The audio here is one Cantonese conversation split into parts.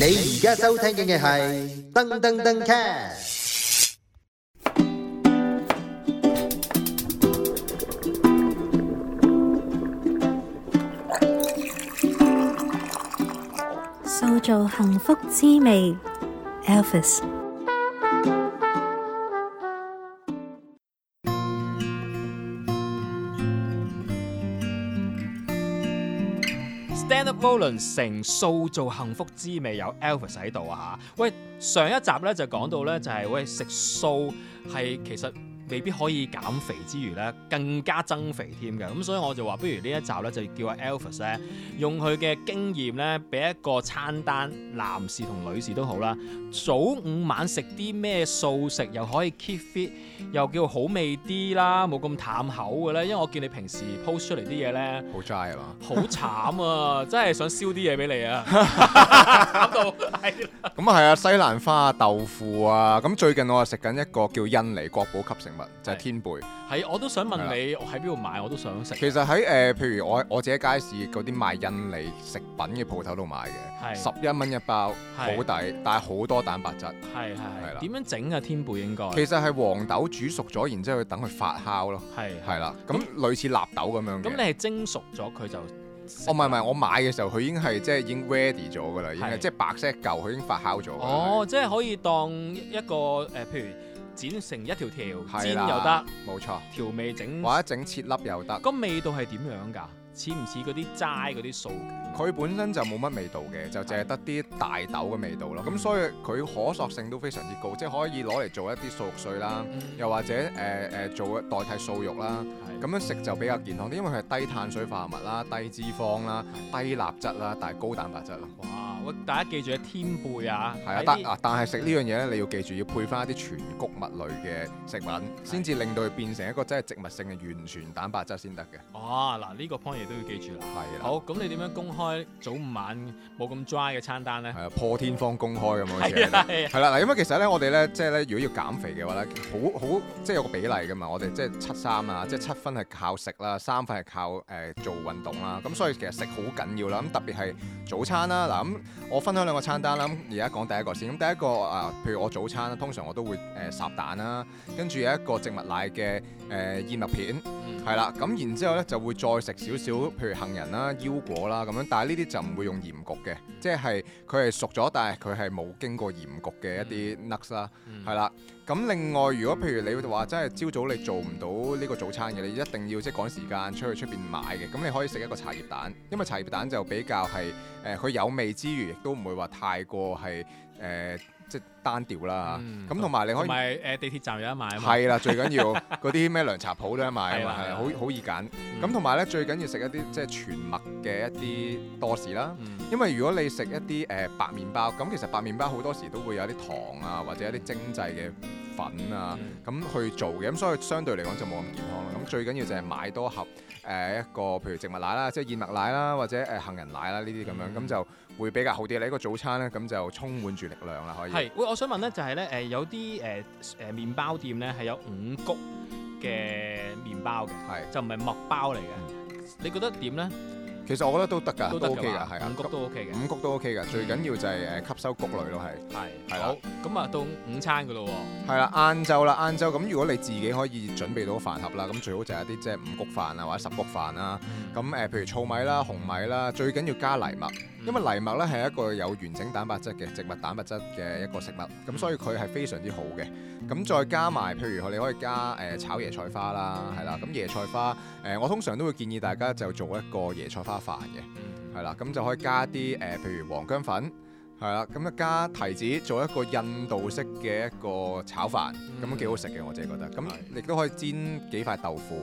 你而家收聽嘅係燈登登 cast，塑造幸福滋味，Elvis。Wolun 成素做幸福滋味有 Elvis 喺度啊喂，上一集咧就講到咧就係、是、喂食素係其實，未必可以減肥之餘咧，更加增肥添嘅，咁、嗯、所以我就話，不如呢一集咧就叫阿 Alfus 咧，用佢嘅經驗咧，俾一個餐單，男士同女士都好啦，早午晚食啲咩素食又可以 keep fit，又叫好味啲啦，冇咁淡口嘅咧，因為我見你平時 post 出嚟啲嘢咧，好 dry 咯， 好慘啊，真係想燒啲嘢俾你啊，咁麼對啊係啊，西蘭花啊、豆腐啊，咁最近我啊食緊一個叫印尼國寶級食物。就係天貝，係，我都想問你喺邊度買？我都想食。其實喺誒，譬如我我自己街市嗰啲賣印尼食品嘅鋪頭度買嘅，十一蚊一包，好抵，但係好多蛋白質。係係。係啦，點樣整啊？天貝應該其實係黃豆煮熟咗，然之後等佢發酵咯。係係啦，咁類似納豆咁樣嘅。咁你係蒸熟咗佢就？哦唔係唔係，我買嘅時候佢已經係即係已經 ready 咗㗎啦，已經即係白色嚿，佢已經發酵咗。哦，即係可以當一個誒，譬如。剪成一條條的，煎又得，冇錯調味整，或者整切粒又得。個味道係點樣㗎？似唔似嗰啲齋嗰啲素？佢本身就冇乜味道嘅，的就淨係得啲大豆嘅味道咯。咁、嗯、所以佢可塑性都非常之高，即、就、係、是、可以攞嚟做一啲素肉碎啦，嗯、又或者誒誒、呃呃、做代替素肉啦。咁的樣食就比較健康啲，因為佢係低碳水化合物啦、低脂肪啦、的低鈉質啦，但係高蛋白質啦。哇大家記住天啊，天貝啊，係啊，但啊，但係食呢樣嘢咧，你要記住要配翻一啲全穀物類嘅食品，先至的令到佢變成一個真係植物性嘅完全蛋白質先得嘅。哦，嗱，呢個 point 亦都要記住啦。係的。好，咁你點樣公開早午晚冇咁 dry 嘅餐單咧？係啊，破天荒公開咁樣嘅嘢。係啦。係啦。嗱，因為其實咧，我哋咧，即係咧，如果要減肥嘅話咧，好好即係、即係、有個比例噶嘛，我哋即係七三啊，即係、嗯、七分係靠食啦，三分係靠誒、呃、做運動啦。咁所以其實食好緊要啦，咁特別係早餐啦，嗱咁。我分享兩個餐單啦，咁而家講第一個先，咁第一個啊，譬如我早餐通常我都會誒烚、呃、蛋啦，跟住有一個植物奶嘅誒燕麥片，係啦、嗯，咁然之後呢就會再食少少，譬如杏仁啦、腰果啦咁樣，但係呢啲就唔會用鹽焗嘅，即係佢係熟咗，但係佢係冇經過鹽焗嘅一啲 nuts 啦，係啦。咁另外，如果譬如你話真係朝早你做唔到呢個早餐嘅，你一定要即係趕時間出去出面買嘅。咁你可以食一個茶葉蛋，因為茶葉蛋就比較係誒，佢、呃、有味之餘，亦都唔會話太過係誒、呃、即。單調啦，咁同埋你可以同埋誒地鐵站有得買啊嘛，係啦，最緊要嗰啲咩涼茶鋪都有得買啊嘛，好好易揀。咁同埋咧最緊要食一啲即係全麥嘅一啲多士啦，因為如果你食一啲誒白麵包，咁其實白麵包好多時都會有啲糖啊，或者一啲精製嘅粉啊，咁去做嘅，咁所以相對嚟講就冇咁健康咯。咁最緊要就係買多盒誒一個譬如植物奶啦，即係燕麥奶啦，或者誒杏仁奶啦呢啲咁樣，咁就會比較好啲。你一個早餐咧咁就充滿住力量啦，可以。想問咧就係咧誒有啲誒誒麵包店咧係有五穀嘅麵包嘅，是就唔係麥包嚟嘅，嗯、你覺得點咧？其實我覺得都得㗎，都 OK 㗎，係啊，五穀都 OK 嘅，五穀都 OK 㗎，嗯、最緊要就係誒吸收穀類咯，係是。係的。好，咁啊，到午餐㗎咯喎。係啦，晏晝啦，晏晝咁如果你自己可以準備到飯盒啦，咁最好就係一啲即係五穀飯啊或者十穀飯啦。咁誒、嗯，譬如糙米啦、嗯、紅米啦，最緊要加藜麥，因為藜麥咧係一個有完整蛋白質嘅植物蛋白質嘅一個食物，咁所以佢係非常之好嘅。咁再加埋，譬如你可以加誒、呃、炒椰菜花啦，係啦。咁椰菜花誒、嗯，我通常都會建議大家就做一個椰菜花飯嘅，係啦。咁就可以加啲誒、呃，譬如黃薑粉，係啦。咁加提子，做一個印度式嘅一個炒飯，咁幾好食嘅，我自己覺得。咁亦都可以煎幾塊豆腐，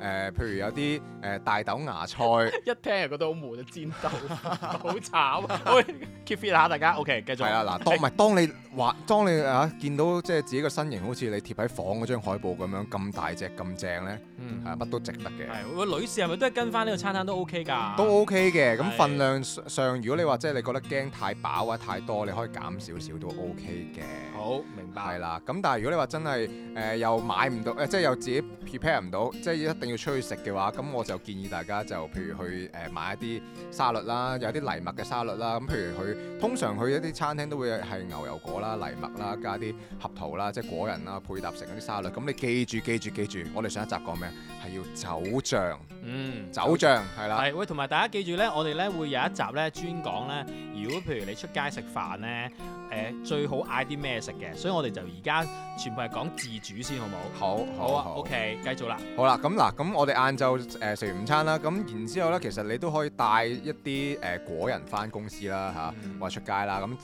誒，譬如有啲誒大豆芽菜。一聽就覺得好悶，煎豆好慘。Keep fit 啊，大家，OK，繼續。係啦，嗱，當唔係當你。或當你嚇見到即係自己個身形好似你貼喺房嗰張海報咁樣咁大隻咁正咧，係乜、嗯、都值得嘅。女士係咪都係跟翻呢個餐單都 O K 㗎？都 O K 嘅。咁是份量上，如果你話即係你覺得驚太飽或者、啊、太多，你可以減少少，少都 O K 嘅。好，明白。係啦。咁但係如果你話真係誒、呃、又買唔到、呃、即係又自己 prepare 唔到，即係一定要出去食嘅話，咁我就建議大家就譬如去誒買一啲沙律啦，有啲藜麥嘅沙律啦。咁譬如佢通常去一啲餐廳都會係牛油果。啦藜麥啦加啲合桃啦，即係果仁啦，配搭成嗰啲沙律。咁你記住記住記住，我哋上一集講咩？係要走醬。嗯，走醬係啦，係，喂，同埋大家記住咧，我哋咧會有一集咧專講咧，如果譬如你出街食飯咧，誒、呃、最好嗌啲咩食嘅，所以我哋就而家全部係講自煮先，好唔好？好？好，好啊，OK，繼續啦。好啦，咁嗱，咁我哋晏晝誒食完午餐啦，咁然之後咧，其實你都可以帶一啲誒、呃、果仁返公司啦，嚇、啊，話、嗯、出街啦，咁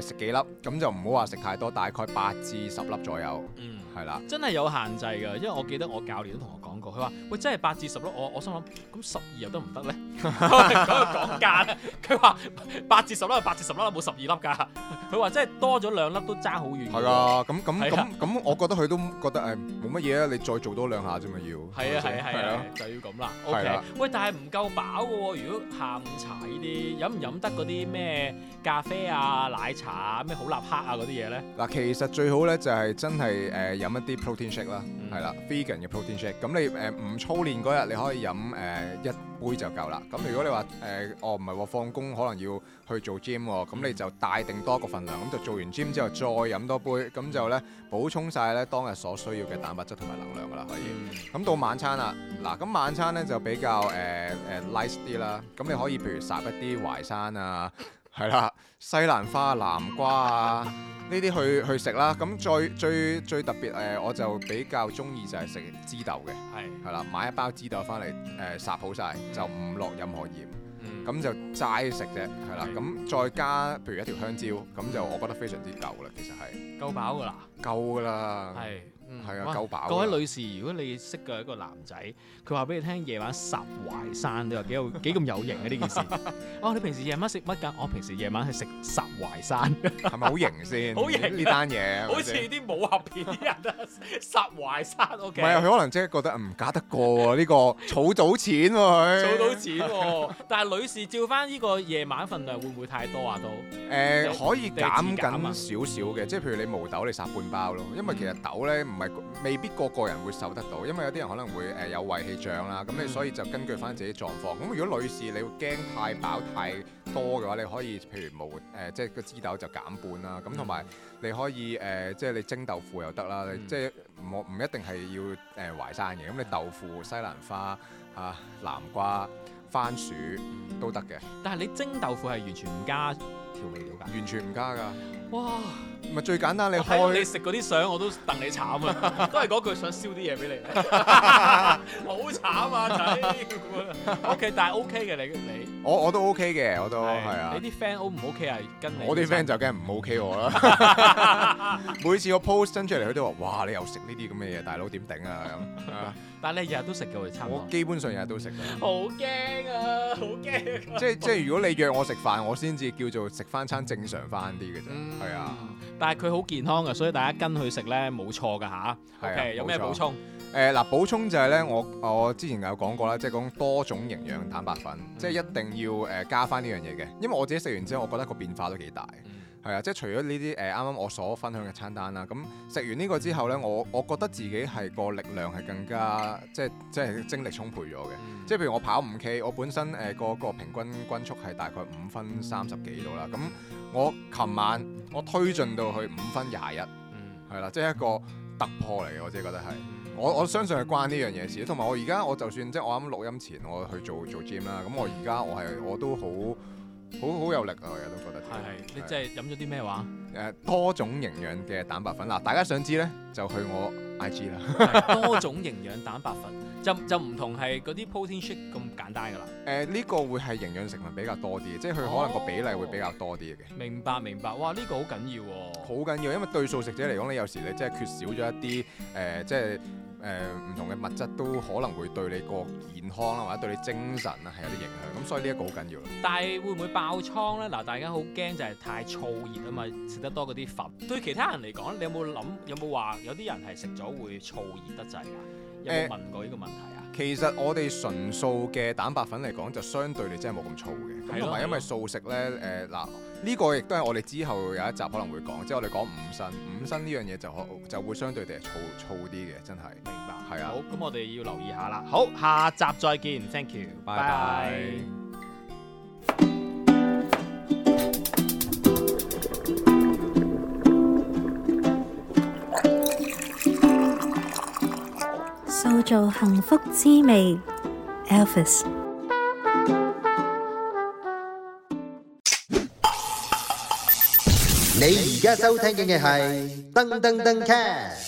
誒食幾粒，咁就唔好話食太多，大概八至十粒左右，嗯，係啦的，真係有限制嘅，因為我記得我教練都同我講過，佢話喂，真係八至十粒，我我。我咁十二日都唔得咧，喺度 講價咧。佢話八折十,十粒，八折十粒啦，冇十二粒噶。佢話真係多咗兩粒都爭好遠。係啊，咁咁咁咁，啊、我覺得佢都覺得誒冇乜嘢啊，你再做多兩下啫嘛要。係啊係啊係啊，啊啊啊就要咁啦。係、okay，啦、啊，喂，但係唔夠飽喎、啊。如果下午茶呢啲飲唔飲得嗰啲咩咖啡啊、奶茶啊、咩好立克啊嗰啲嘢咧？嗱，其實最好咧就係真係誒飲一啲 protein shake 啦、嗯，係啦，vegan 嘅 protein shake。咁你誒唔操練嗰日你可以飲。咁誒、呃、一杯就夠啦。咁如果你話誒，我唔係喎，放工可能要去做 gym 喎，咁你就帶定多個份量，咁就做完 gym 之後再飲多杯，咁就咧補充晒咧當日所需要嘅蛋白質同埋能量㗎啦。可以。咁、嗯、到晚餐啦，嗱，咁晚餐咧就比較誒誒 light 啲啦。咁你可以譬如烚一啲淮山啊。嗯 係啦，西蘭花、南瓜啊，呢啲 去去食啦。咁最最最特別誒、呃，我就比較中意就係食枝豆嘅。係是，係啦，買一包枝豆翻嚟誒，烚、呃、好晒，就唔落任何鹽。嗯。咁就齋食啫，係啦、嗯。咁再加譬如一條香蕉，咁就我覺得非常之夠啦，其實係。夠飽㗎啦！夠㗎啦！係。嗯，係啊，夠飽。各位女士，如果你識嘅一個男仔，佢話俾你聽夜晚十淮山，你話幾有咁有型啊呢件事？哦，你平時夜晚食乜㗎？我平時夜晚係食十淮山，係咪好型先？好型，呢單嘢好似啲武俠片啲人啊，十淮山 OK。唔係啊，佢可能即係覺得唔夾得過喎呢個，儲到錢喎，儲到錢喎，但係女士照翻呢個夜晚份量會唔會太多啊？都誒，可以減緊少少嘅，即係譬如你毛豆你十半包咯，因為其實豆咧唔係未必個個人會受得到，因為有啲人可能會誒有胃氣脹啦，咁你所以就根據翻自己狀況。咁如果女士你會驚太飽太多嘅話，你可以譬如冇，誒、呃，即係個枝豆就減半啦。咁同埋你可以誒、呃，即係你蒸豆腐又得啦。嗯、你即係唔唔一定係要誒淮山嘅。咁你豆腐、西蘭花啊、南瓜、番薯都得嘅。但係你蒸豆腐係完全唔加。調味料㗎，完全唔加㗎。哇！咪最簡單，你開你食嗰啲相，我都戥你慘啊！都係嗰句想燒啲嘢俾你，好慘啊，仔。O K，但係 O K 嘅你你，我我都 O K 嘅，我都係啊。你啲 friend O 唔 O K 啊？跟，我啲 friend 就驚唔 O K 我啦。每次我 post 出嚟，佢都話，哇！你又食呢啲咁嘅嘢，大佬點頂啊咁。但係你日日都食嘅，我差唔多。我基本上日日都食。好驚啊！好驚啊！即係即係，如果你約我食飯，我先至叫做食。翻餐正常翻啲嘅啫，係、嗯、啊，但係佢好健康嘅，所以大家跟佢食咧冇錯嘅吓。OK，有咩補充？誒嗱、呃，補充就係咧，我我之前有講過啦，即係講多種營養蛋白粉，即係、嗯、一定要誒、呃、加翻呢樣嘢嘅，因為我自己食完之後，我覺得個變化都幾大。嗯係啊，即係除咗呢啲誒，啱、欸、啱我所分享嘅餐單啦，咁食完呢個之後呢，我我覺得自己係個力量係更加即係即係精力充沛咗嘅。即係譬如我跑五 K，我本身誒、呃、個，個平均均速係大概五分三十幾度啦。咁我琴晚我推進到去五分廿一，係啦，即係一個突破嚟嘅，我自己覺得係。我我相信係關呢樣嘢事，同埋我而家我就算即係我啱啱錄音前我去做做 gym 啦。咁我而家我係我都好。好好有力啊！我都覺得係係，係係你即係飲咗啲咩話？誒，多種營養嘅蛋白粉嗱，大家想知咧就去我 IG 啦。多種營養蛋白粉 就就唔同係嗰啲 protein shake 咁簡單㗎啦。誒、呃，呢、呢個會係營養成分比較多啲，即係佢可能個比例會比較多啲嘅、哦。明白明白，哇！呢、呢個好緊要喎、啊。好緊要，因為對素食者嚟講你有時你即係缺少咗一啲誒，即、呃、係。即係誒，呃，唔同嘅物質都可能會對你個健康啦，或者對你精神啊係有啲影響，咁所以呢一個好緊要。但係會唔會爆瘡咧？嗱，大家好驚就係太燥熱啊嘛，食得多嗰啲粉。對其他人嚟講，你有冇諗？有冇話有啲人係食咗會燥熱得滯㗎？有冇問過呢個問題？欸其實我哋純素嘅蛋白粉嚟講，就相對嚟真係冇咁燥嘅，咁同埋因為素食咧，誒嗱呢個亦都係我哋之後有一集可能會講，即係我哋講五辛，嗯、五辛呢樣嘢就可就會相對地係燥燥啲嘅，真係。明白。係啊。好，咁我哋要留意下啦。好，下集再見。Thank you bye bye。拜拜。做幸福滋味，Elvis。你而家收聽嘅係燈登登 Cast。